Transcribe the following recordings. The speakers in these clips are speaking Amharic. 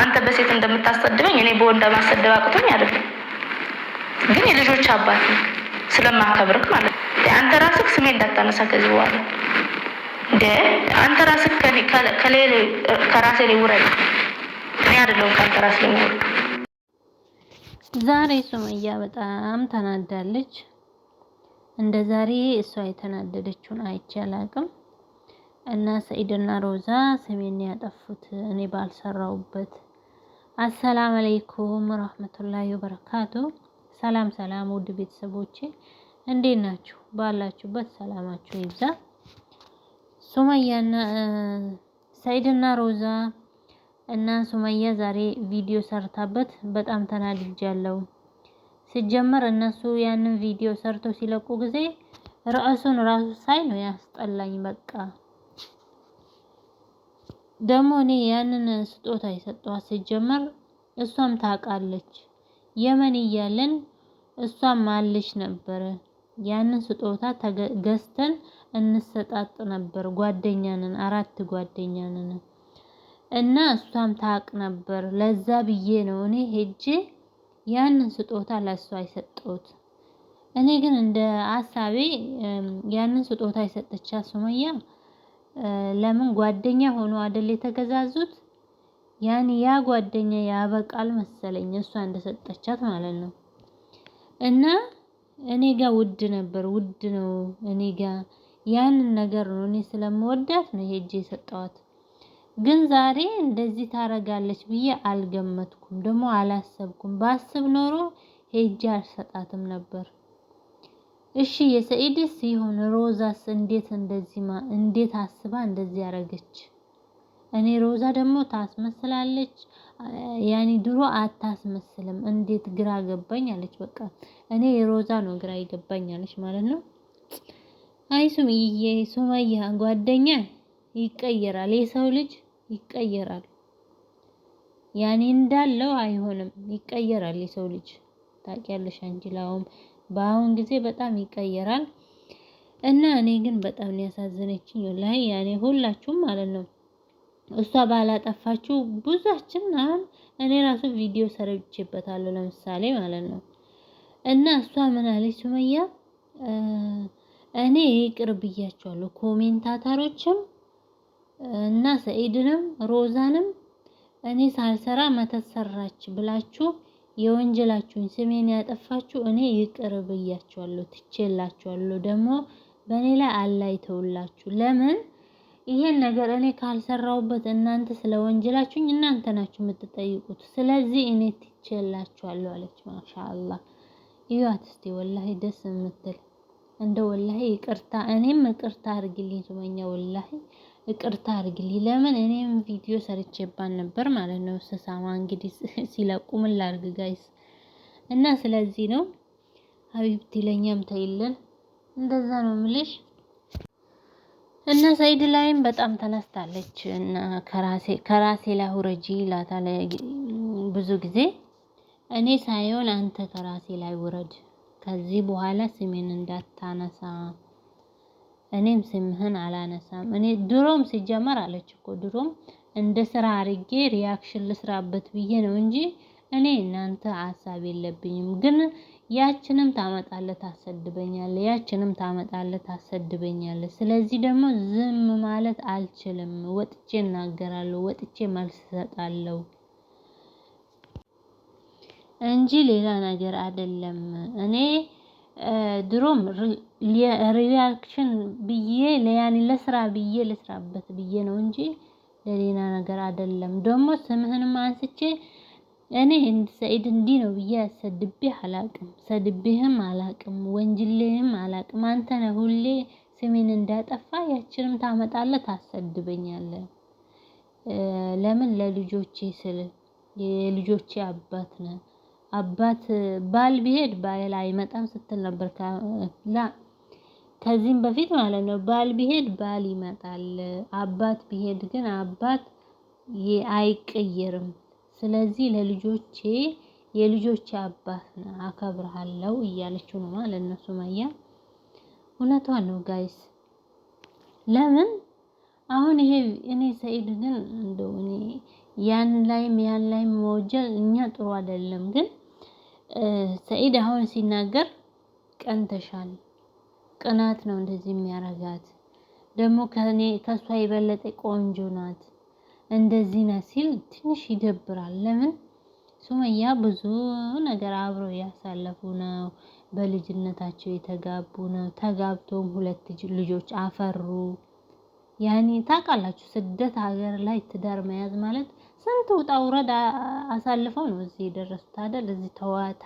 አንተ በሴት እንደምታሰድበኝ እኔ በወንድ ማሰደብ አቅቶኝ አይደለም፣ ግን የልጆች አባት ስለማከብርክ ማለት ነው። አንተ ራስህ ስሜ እንዳታነሳ ከዚህ በኋላ እንደ አንተ ራስህ ከራሴ ላይ ውረድ። እኔ አይደለሁም ከአንተ ራስ ላይ ውረድ። ዛሬ ሱመያ በጣም ተናዳለች። እንደ ዛሬ እሷ የተናደደችውን አይቼ አላውቅም። እና ሰኢድና ሮዛ ስሜን ያጠፉት እኔ ባልሰራውበት። አሰላም አለይኩም ረህመቱላሂ ወበረካቱ። ሰላም ሰላም፣ ውድ ቤተሰቦቼ እንዴት ናችሁ? ባላችሁበት ሰላማችሁ ይብዛ። ሱመያና ሰኢድና ሮዛ እና ሱመያ ዛሬ ቪዲዮ ሰርታበት በጣም ተናድጃለሁ። ሲጀመር እነሱ ያንን ቪዲዮ ሰርተው ሲለቁ ጊዜ ርዕሱን ራሱ ሳይ ነው ያስጠላኝ በቃ ደግሞ እኔ ያንን ስጦታ የሰጠኋት ሲጀመር እሷም ታውቃለች። የመን እያለን እሷም አለች ነበረ ያንን ስጦታ ገዝተን እንሰጣጥ ነበር ጓደኛ አራት ጓደኛ እና እሷም ታውቅ ነበር ለዛ ብዬ ነው እኔ ሄጄ ያንን ስጦታ ለሷ የሰጠሁት። እኔ ግን እንደ አሳቤ ያንን ስጦታ የሰጠቻት ሱመያ ለምን ጓደኛ ሆኖ አይደል የተገዛዙት? ያን ያ ጓደኛ ያበቃል መሰለኝ እሷ እንደሰጠቻት ማለት ነው። እና እኔ ጋር ውድ ነበር ውድ ነው እኔ ጋር ያንን ነገር ነው እኔ ስለምወዳት ነው ሄጄ የሰጠኋት። ግን ዛሬ እንደዚህ ታረጋለች ብዬ አልገመትኩም ደግሞ አላሰብኩም ባስብ ኖሮ ሄጄ አልሰጣትም ነበር እሺ የሰኢድስ ይሁን ሮዛስ እንዴት እንደዚህ እንዴት አስባ እንደዚህ ያደረገች? እኔ ሮዛ ደግሞ ታስመስላለች። ያኔ ድሮ አታስመስልም። እንዴት ግራ ገባኝ አለች። በቃ እኔ የሮዛ ነው ግራ ይገባኝ አለች ማለት ነው። አይ ሱምዬ ሱመያ ጓደኛ ይቀየራል፣ የሰው ልጅ ይቀየራል። ያኔ እንዳለው አይሆንም፣ ይቀየራል የሰው ልጅ ታውቂያለሽ አንቺ በአሁን ጊዜ በጣም ይቀየራል። እና እኔ ግን በጣም ነው ያሳዘነችኝ ወላሂ ያኔ ሁላችሁም ማለት ነው። እሷ ባላጠፋችሁ ብዙችን አሁን እኔ ራሱ ቪዲዮ ሰርቼበታለሁ ለምሳሌ ማለት ነው። እና እሷ ምን አለች ሱመያ? እኔ ይቅር ብያቸዋለሁ ኮሜንታተሮችም እና ሰኢድንም ሮዛንም እኔ ሳልሰራ መተሰራች ብላችሁ የወንጀላችሁን ስሜን ያጠፋችሁ እኔ ይቅር ብያችኋለሁ፣ ትቼላችኋለሁ። ደግሞ በእኔ ላይ አላይተውላችሁ። ለምን ይሄን ነገር እኔ ካልሰራሁበት እናንተ ስለ ወንጀላችሁኝ እናንተ ናችሁ የምትጠይቁት። ስለዚህ እኔ ትቼላችኋለሁ አለች። ማሻአላ እዩት እስቲ ወላሂ ደስ የምትል እንደ ወላሂ ይቅርታ እኔም ይቅርታ አድርግልኝ ሱመኛ ወላሂ ይቅርታ አርግልኝ። ለምን እኔም ቪዲዮ ሰርቼባል ነበር ማለት ነው ስሳማ እንግዲህ ሲለቁ ምን ላድርግ ጋይስ። እና ስለዚህ ነው ሀቢብቲ ለኛም ተይለን እንደዛ ነው ምልሽ። እና ሰይድ ላይም በጣም ተነስታለች እና ከራሴ ከራሴ ላይ ውረጂ ላታለ ብዙ ጊዜ እኔ ሳይሆን አንተ ከራሴ ላይ ውረድ፣ ከዚህ በኋላ ስሜን እንዳታነሳ እኔም ስምህን አላነሳም። እኔ ድሮም ሲጀመር አለች እኮ ድሮም እንደ ስራ አርጌ ሪያክሽን ልስራበት ብዬ ነው እንጂ እኔ እናንተ ሀሳብ የለብኝም። ግን ያችንም ታመጣለ ታሰድበኛለ፣ ያችንም ታመጣለ ታሰድበኛለ። ስለዚህ ደግሞ ዝም ማለት አልችልም። ወጥቼ እናገራለሁ፣ ወጥቼ መልስ እሰጣለሁ እንጂ ሌላ ነገር አይደለም እኔ ድሮም ሪያክሽን ብዬ ለያኒ ለስራ ብዬ ልስራበት ብዬ ነው እንጂ ለሌላ ነገር አይደለም። ደግሞ ስምህንም አንስቼ እኔ ሰኢድ እንዲህ ነው ብዬ አሰድቤ አላቅም? ሰድቤህም አላቅም፣ ወንጅሌህም አላቅም አንተ ነህ ሁሌ ስሜን እንዳጠፋ ያችንም ታመጣለህ፣ ታሰድበኛለህ። ለምን ለልጆቼ ስል የልጆቼ አባት ነህ። አባት ባል ቢሄድ ባል አይመጣም ስትል ነበር ላ ከዚህም በፊት ማለት ነው ባል ቢሄድ ባል ይመጣል፣ አባት ቢሄድ ግን አባት አይቀየርም። ስለዚህ ለልጆቼ የልጆቼ አባት አከብርሃለሁ እያለችው ነው ማለት ነው ሱመያ። እውነቷ ነው ጋይስ። ለምን አሁን ይሄ እኔ ሰኢድ ግን እንደው እኔ ያን ላይም ያን ላይም መወጀል እኛ ጥሩ አይደለም። ግን ሰኢድ አሁን ሲናገር ቀንተሻል ቅናት ነው እንደዚህ የሚያረጋት። ደግሞ ከኔ ከእሷ የበለጠ ቆንጆ ናት እንደዚህ ናት ሲል ትንሽ ይደብራል። ለምን ሱመያ ብዙ ነገር አብረው እያሳለፉ ነው። በልጅነታቸው የተጋቡ ነው። ተጋብቶም ሁለት ልጆች አፈሩ። ያኔ ታውቃላችሁ፣ ስደት ሀገር ላይ ትዳር መያዝ ማለት ስንት ውጣ ውረድ አሳልፈው ነው እዚህ የደረሱት አይደል? እዚህ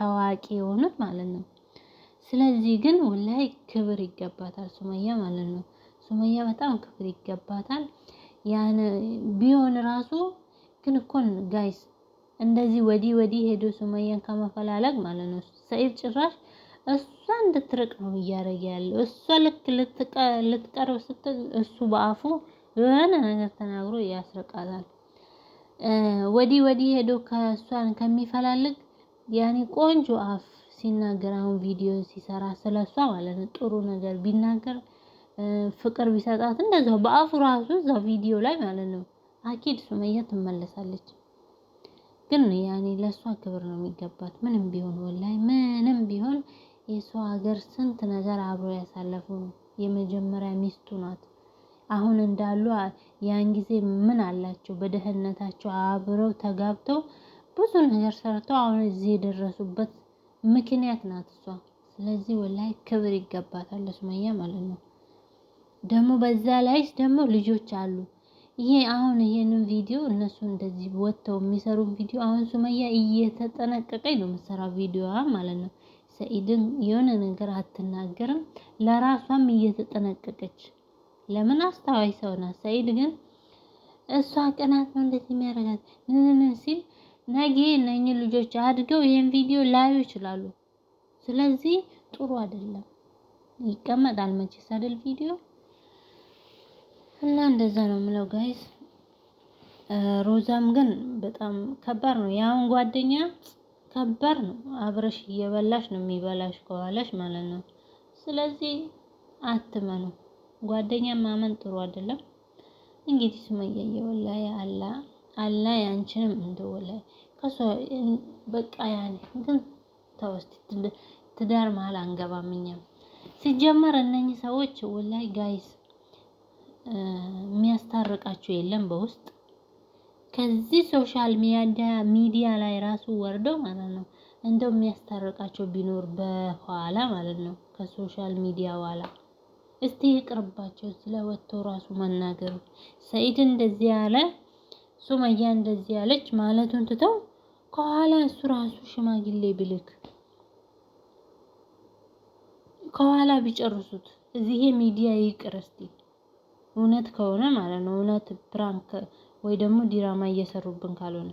ታዋቂ የሆኑት ማለት ነው። ስለዚህ ግን ወላይ ክብር ይገባታል ሱመያ ማለት ነው። ሱመያ በጣም ክብር ይገባታል። ያን ቢሆን ራሱ ግን እኮን ጋይስ እንደዚህ ወዲህ ወዲህ ሄዶ ሱመያን ከመፈላለግ ማለት ነው ሰኢድ ጭራሽ እሷ እንድትርቅ ነው እያደረገ ያለው። እሷ ልክ ልትቀርብ ስትል እሱ በአፉ የሆነ ነገር ተናግሮ ያስርቃታል። ወዲህ ወዲህ ሄዶ ከእሷን ከሚፈላልግ ያኔ ቆንጆ አፍ ሲናገር አሁን ቪዲዮ ሲሰራ ስለሷ ማለት ነው ጥሩ ነገር ቢናገር ፍቅር ቢሰጣት እንደዛው በአፉ ራሱ እዛው ቪዲዮ ላይ ማለት ነው አኪድ ሱመያ ትመለሳለች። ግን ያኔ ለእሷ ክብር ነው የሚገባት። ምንም ቢሆን ወላይ ምንም ቢሆን የሰው ሀገር ስንት ነገር አብሮ ያሳለፉ የመጀመሪያ ሚስቱ ናት። አሁን እንዳሉ ያን ጊዜ ምን አላቸው? በደህንነታቸው አብረው ተጋብተው ብዙ ነገር ሰርተው አሁን እዚህ የደረሱበት ምክንያት ናት እሷ። ስለዚህ ወላይ ክብር ይገባታል ለሱመያ ማለት ነው። ደግሞ በዛ ላይስ ደግሞ ልጆች አሉ። ይሄ አሁን ይሄንን ቪዲዮ እነሱ እንደዚህ ወጥተው የሚሰሩት ቪዲዮ አሁን ሱመያ እየተጠነቀቀኝ ነው የምትሰራ ቪዲዮዋ ማለት ነው። ሰኢድን የሆነ ነገር አትናገርም፣ ለራሷም እየተጠነቀቀች ለምን አስተዋይ ሰው ናት። ሰኢድ ግን እሷ ቅናት ነው እንደዚህ የሚያደርጋት ሲል ነገ እነኝህ ልጆች አድገው ይህን ቪዲዮ ላዩ ይችላሉ። ስለዚህ ጥሩ አይደለም። ይቀመጣል መቼስ አይደል ቪዲዮ እና እንደዛ ነው የምለው ጋይስ። ሮዛም ግን በጣም ከባድ ነው። የአሁን ጓደኛ ከባድ ነው። አብረሽ እየበላሽ ነው የሚበላሽ ከኋላሽ ማለት ነው። ስለዚህ አትመኑ። ጓደኛ ማመን ጥሩ አይደለም። እንግዲህ ሱመያ የወላሂ አላ አላ ያንቺንም እንደወለ ከሶ በቃ ያኔ ግን ተወስቲ ትዳር መሀል አንገባም። እኛም ሲጀመር እነኚህ ሰዎች ወላይ ጋይስ የሚያስታርቃቸው የለም በውስጥ ከዚህ ሶሻል ሚዲያ ላይ ራሱ ወርደው ማለት ነው። እንደው የሚያስታርቃቸው ቢኖር በኋላ ማለት ነው ከሶሻል ሚዲያ ኋላ እስቲ ይቅርባቸው። ስለ ወጥቶ ራሱ መናገሩ ሰኢድ እንደዚህ ያለ ሱመያ እንደዚህ ያለች ማለቱን ትተው ከኋላ እሱ ራሱ ሽማግሌ ብልክ ከኋላ ቢጨርሱት እዚህ ሚዲያ ይቅር እስቲ እውነት ከሆነ ማለት ነው። እውነት ፕራንክ ወይ ደግሞ ዲራማ እየሰሩብን ካልሆነ